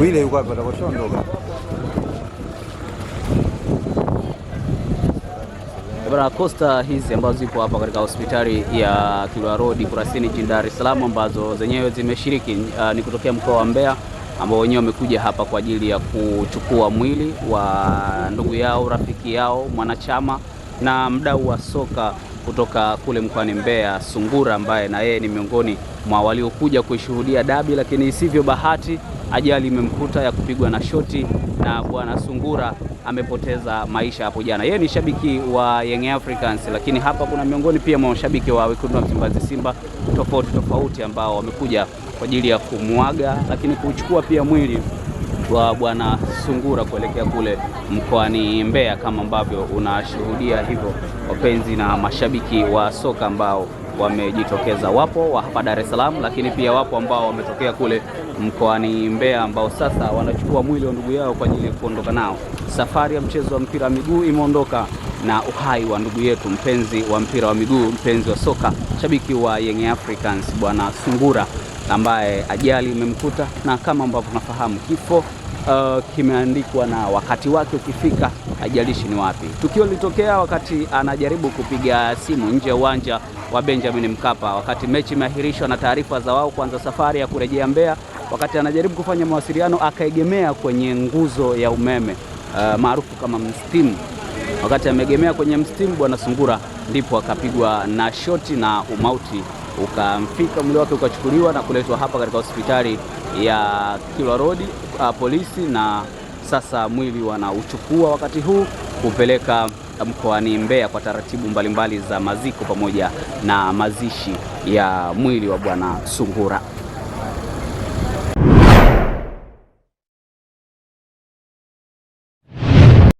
Wile yuko hapa atakoshondoka. Bwana Costa hizi ambazo zipo hapa katika hospitali ya Kilwa Road Kurasini jijini Dar es Salaam ambazo zenyewe zimeshiriki uh, ni kutokea mkoa wa Mbeya ambao wenyewe wamekuja hapa kwa ajili ya kuchukua mwili wa ndugu yao, rafiki yao, mwanachama na mdau wa soka kutoka kule mkoani Mbeya, Sungura ambaye na yeye ni miongoni mwa waliokuja kuishuhudia dabi, lakini isivyo bahati ajali imemkuta ya kupigwa na shoti na bwana Sungura amepoteza maisha hapo jana. Yeye ni shabiki wa Young Africans, lakini hapa kuna miongoni pia mwa mashabiki wa wekundu wa Msimbazi Simba tofauti tofauti ambao wamekuja kwa ajili ya kumwaga, lakini kuchukua pia mwili wa bwana Sungura kuelekea kule mkoani Mbeya, kama ambavyo unashuhudia hivyo wapenzi na mashabiki wa soka ambao wamejitokeza. Wapo wa hapa Dar es Salaam, lakini pia wapo ambao wametokea kule mkoani Mbeya, ambao sasa wanachukua mwili wa ndugu yao kwa ajili ya kuondoka nao. Safari ya mchezo wa mpira wa miguu imeondoka na uhai wa ndugu yetu, mpenzi wa mpira wa miguu, mpenzi wa soka, shabiki wa Young Africans, Bwana Sungura ambaye ajali imemkuta, na kama ambavyo tunafahamu kifo uh, kimeandikwa na wakati wake ukifika, haijalishi ni wapi. Tukio lilitokea wakati anajaribu kupiga simu nje ya uwanja wa Benjamin Mkapa, wakati mechi imeahirishwa na taarifa za wao kuanza safari ya kurejea Mbeya. Wakati anajaribu kufanya mawasiliano, akaegemea kwenye nguzo ya umeme uh, maarufu kama mstimu. Wakati ameegemea kwenye mstimu, bwana Sungura, ndipo akapigwa na shoti na umauti ukamfika, mwili wake ukachukuliwa na kuletwa hapa katika hospitali ya Kilwa Road uh, polisi na sasa mwili wanauchukua wakati huu kupeleka mkoani Mbeya kwa taratibu mbalimbali mbali za maziko pamoja na mazishi ya mwili wa Bwana Sungura.